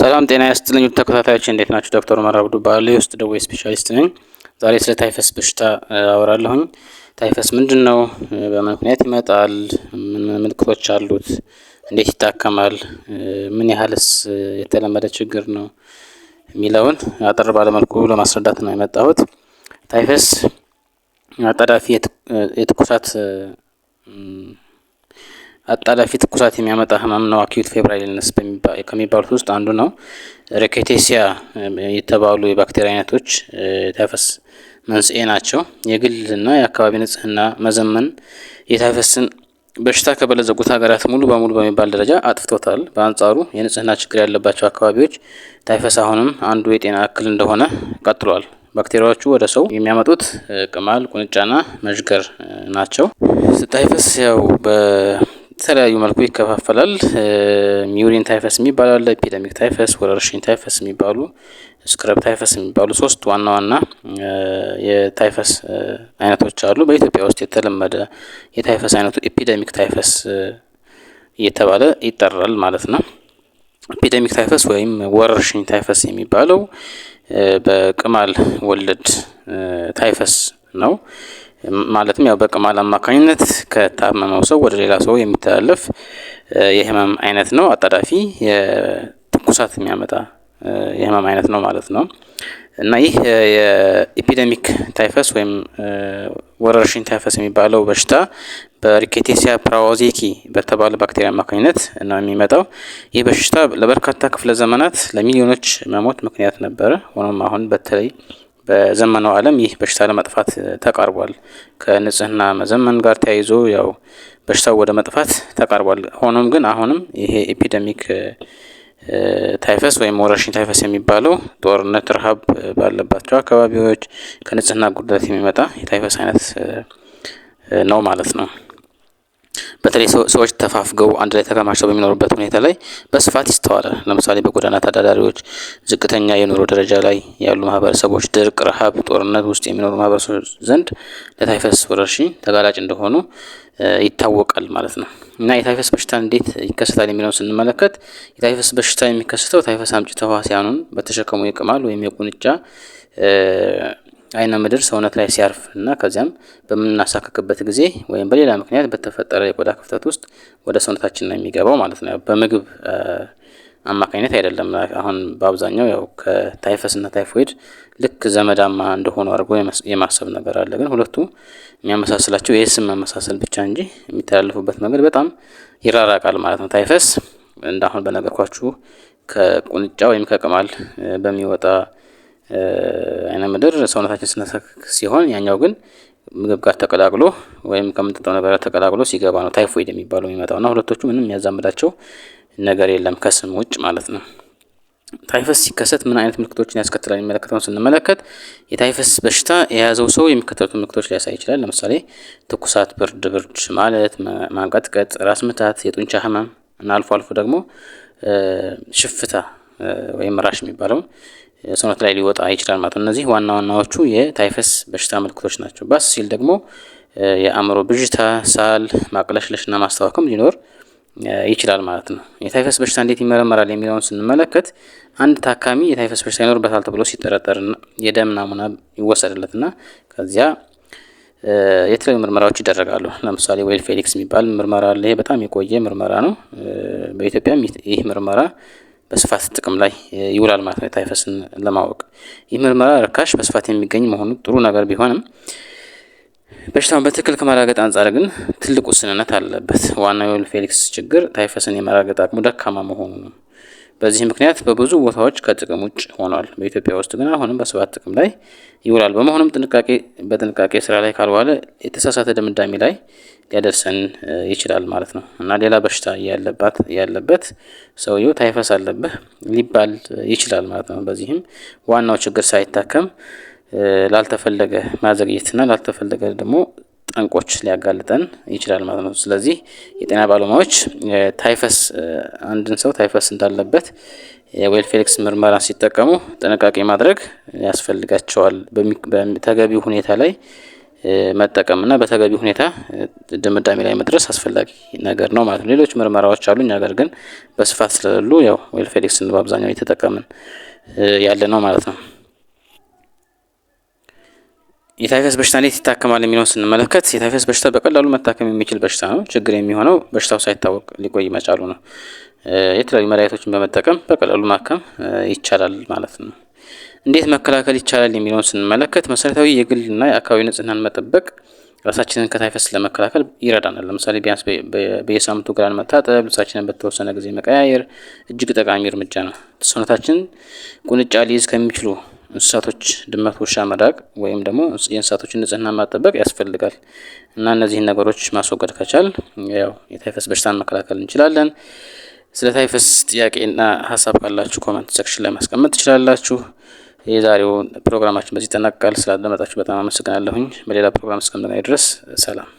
ሰላም ጤና ያስጥልኝ ተከታታዮች እንዴት ናቸው? ዶክተር ኡመር አብዱ ውስጥ ደዌ ስፔሻሊስት ነኝ። ዛሬ ስለ ታይፈስ በሽታ አወራለሁኝ። ታይፈስ ምንድን ነው? በምን ምክንያት ይመጣል? ምን ምልክቶች አሉት? እንዴት ይታከማል? ምን ያህልስ የተለመደ ችግር ነው የሚለውን አጠር ባለመልኩ ለማስረዳት ነው የመጣሁት። ታይፈስ አጣዳፊ የትኩሳት አጣዳፊ ትኩሳት የሚያመጣ ህመም ነው። አኪዩት ፌብራይል ኢልነስ ከሚባሉት ውስጥ አንዱ ነው። ሬኬቴሲያ የተባሉ የባክቴሪያ አይነቶች ታይፈስ መንስኤ ናቸው። የግልና የአካባቢ ንጽህና መዘመን የታይፈስን በሽታ ከበለጸጉት ሀገራት ሙሉ በሙሉ በሚባል ደረጃ አጥፍቶታል። በአንጻሩ የንጽህና ችግር ያለባቸው አካባቢዎች ታይፈስ አሁንም አንዱ የጤና እክል እንደሆነ ቀጥሏል። ባክቴሪያዎቹ ወደ ሰው የሚያመጡት ቅማል፣ ቁንጫና መዥገር ናቸው። ታይፈስ ያው በተለያዩ መልኩ ይከፋፈላል። ሚውሪን ታይፈስ የሚባል አለ፣ ኤፒደሚክ ታይፈስ፣ ወረርሽኝ ታይፈስ የሚባሉ ስክረብ ታይፈስ የሚባሉ ሶስት ዋና ዋና የታይፈስ አይነቶች አሉ። በኢትዮጵያ ውስጥ የተለመደ የታይፈስ አይነቱ ኤፒደሚክ ታይፈስ እየተባለ ይጠራል ማለት ነው። ኤፒደሚክ ታይፈስ ወይም ወረርሽኝ ታይፈስ የሚባለው በቅማል ወለድ ታይፈስ ነው። ማለትም ያው በቅማል አማካኝነት ከታመመው ሰው ወደ ሌላ ሰው የሚተላለፍ የህመም አይነት ነው። አጣዳፊ የትኩሳት የሚያመጣ የህመም አይነት ነው ማለት ነው እና ይህ የኢፒደሚክ ታይፈስ ወይም ወረርሽኝ ታይፈስ የሚባለው በሽታ በሪኬቴሲያ ፕራዋዜኪ በተባለ ባክቴሪያ አማካኝነት ነው የሚመጣው። ይህ በሽታ ለበርካታ ክፍለ ዘመናት ለሚሊዮኖች መሞት ምክንያት ነበረ። ሆኖም አሁን በተለይ በዘመነው ዓለም ይህ በሽታ ለመጥፋት ተቃርቧል። ከንጽህና መዘመን ጋር ተያይዞ ያው በሽታው ወደ መጥፋት ተቃርቧል። ሆኖም ግን አሁንም ይሄ ኤፒደሚክ ታይፈስ ወይም ወረርሽኝ ታይፈስ የሚባለው ጦርነት፣ ረሃብ ባለባቸው አካባቢዎች ከንጽህና ጉድለት የሚመጣ የታይፈስ አይነት ነው ማለት ነው። በተለይ ሰዎች ተፋፍገው አንድ ላይ ተከማችተው በሚኖሩበት ሁኔታ ላይ በስፋት ይስተዋላል። ለምሳሌ በጎዳና ተዳዳሪዎች፣ ዝቅተኛ የኑሮ ደረጃ ላይ ያሉ ማህበረሰቦች፣ ድርቅ፣ ረሃብ፣ ጦርነት ውስጥ የሚኖሩ ማህበረሰቦች ዘንድ ለታይፈስ ወረርሽኝ ተጋላጭ እንደሆኑ ይታወቃል ማለት ነው። እና የታይፈስ በሽታ እንዴት ይከሰታል የሚለውን ስንመለከት የታይፈስ በሽታ የሚከሰተው ታይፈስ አምጪ ተህዋሲያኑን በተሸከሙ የቅማል ወይም የቁንጫ አይነ ምድር ሰውነት ላይ ሲያርፍ እና ከዚያም በምናሳክክበት ጊዜ ወይም በሌላ ምክንያት በተፈጠረ የቆዳ ክፍተት ውስጥ ወደ ሰውነታችን ነው የሚገባው ማለት ነው። በምግብ አማካኝነት አይደለም። አሁን በአብዛኛው ያው ከታይፈስ እና ታይፎይድ ልክ ዘመዳማ እንደሆኑ አድርጎ የማሰብ ነገር አለ። ግን ሁለቱ የሚያመሳስላቸው የስም መመሳሰል ብቻ እንጂ የሚተላለፉበት መንገድ በጣም ይራራቃል ማለት ነው። ታይፈስ እንደ አሁን በነገርኳችሁ ከቁንጫ ወይም ከቅማል በሚወጣ አይነ ምድር ሰውነታችን ስነሰክ ሲሆን ያኛው ግን ምግብ ጋር ተቀላቅሎ ወይም ከምንጠጣው ነገር ተቀላቅሎ ሲገባ ነው ታይፎይድ የሚባለው የሚመጣው እና ሁለቶቹ ምንም የሚያዛምዳቸው ነገር የለም ከስም ውጭ ማለት ነው። ታይፈስ ሲከሰት ምን አይነት ምልክቶችን ያስከትላል የሚመለከተውን ስንመለከት የታይፈስ በሽታ የያዘው ሰው የሚከተሉትን ምልክቶች ሊያሳይ ይችላል። ለምሳሌ ትኩሳት፣ ብርድ ብርድ ማለት፣ ማንቀጥቀጥ፣ ራስ ምታት፣ የጡንቻ ህመም እና አልፎ አልፎ ደግሞ ሽፍታ ወይም ራሽ የሚባለው ሰውነት ላይ ሊወጣ ይችላል ማለት ነው። እነዚህ ዋና ዋናዎቹ የታይፈስ በሽታ ምልክቶች ናቸው። ባስ ሲል ደግሞ የአእምሮ ብዥታ፣ ሳል፣ ማቅለሽለሽና ማስታወክም ሊኖር ይችላል ማለት ነው። የታይፈስ በሽታ እንዴት ይመረመራል የሚለውን ስንመለከት አንድ ታካሚ የታይፈስ በሽታ ይኖርበታል ተብሎ ሲጠረጠር የደም ናሙና ይወሰድለትና ከዚያ የተለያዩ ምርመራዎች ይደረጋሉ። ለምሳሌ ዌል ፌሊክስ የሚባል ምርመራ አለ። ይሄ በጣም የቆየ ምርመራ ነው። በኢትዮጵያም ይህ ምርመራ በስፋት ጥቅም ላይ ይውላል ማለት ነው። ታይፈስን ለማወቅ ይህ ምርመራ ርካሽ፣ በስፋት የሚገኝ መሆኑ ጥሩ ነገር ቢሆንም በሽታውን በትክክል ከማረጋገጥ አንጻር ግን ትልቅ ውስንነት አለበት። ዋናው የወል ፌሊክስ ችግር ታይፈስን የመራገጥ አቅሙ ደካማ መሆኑ ነው። በዚህ ምክንያት በብዙ ቦታዎች ከጥቅም ውጭ ሆኗል። በኢትዮጵያ ውስጥ ግን አሁንም በስፋት ጥቅም ላይ ይውላል። በመሆኑም ጥንቃቄ በጥንቃቄ ስራ ላይ ካልዋለ የተሳሳተ ድምዳሜ ላይ ሊያደርሰን ይችላል ማለት ነው እና ሌላ በሽታ ያለባት ያለበት ሰውየው ታይፈስ አለብህ ሊባል ይችላል ማለት ነው። በዚህም ዋናው ችግር ሳይታከም ላልተፈለገ ማዘግየትና ላልተፈለገ ደግሞ ጠንቆች ሊያጋልጠን ይችላል ማለት ነው። ስለዚህ የጤና ባለሙያዎች ታይፈስ አንድን ሰው ታይፈስ እንዳለበት የዌል ፌሊክስ ምርመራ ሲጠቀሙ ጥንቃቄ ማድረግ ያስፈልጋቸዋል። በተገቢ ሁኔታ ላይ እና በተገቢ ሁኔታ ድምዳሜ ላይ መድረስ አስፈላጊ ነገር ነው ማለት ነው። ሌሎች ምርመራዎች አሉ፣ ነገር ግን በስፋት ስለሌሉ ያው ዌል ፌሊክስን በአብዛኛው እየተጠቀምን ያለ ነው ማለት ነው። የታይፈስ በሽታ እንዴት ይታከማል የሚለውን ስንመለከት የታይፈስ በሽታ በቀላሉ መታከም የሚችል በሽታ ነው። ችግር የሚሆነው በሽታው ሳይታወቅ ሊቆይ መቻሉ ነው። የተለያዩ መድኃኒቶችን በመጠቀም በቀላሉ ማከም ይቻላል ማለት ነው። እንዴት መከላከል ይቻላል የሚለውን ስንመለከት መሰረታዊ የግልና የአካባቢ ንጽህናን መጠበቅ ራሳችንን ከታይፈስ ለመከላከል ይረዳናል። ለምሳሌ ቢያንስ በየሳምንቱ ገላን መታጠብ፣ ልብሳችንን በተወሰነ ጊዜ መቀያየር እጅግ ጠቃሚ እርምጃ ነው። ሰውነታችን ቁንጫ ሊይዝ ከሚችሉ እንስሳቶች ድመት፣ ውሻ መራቅ ወይም ደግሞ የእንስሳቶችን ንጽህና ማጠበቅ ያስፈልጋል እና እነዚህን ነገሮች ማስወገድ ከቻል ያው የታይፈስ በሽታን መከላከል እንችላለን። ስለ ታይፈስ ጥያቄና ሀሳብ ካላችሁ ኮመንት ሴክሽን ላይ ማስቀመጥ ትችላላችሁ። የዛሬው ፕሮግራማችን በዚህ ይጠናቀቃል። ስላዳመጣችሁ በጣም አመሰግናለሁኝ። በሌላ ፕሮግራም እስከምንገናኝ ድረስ ሰላም።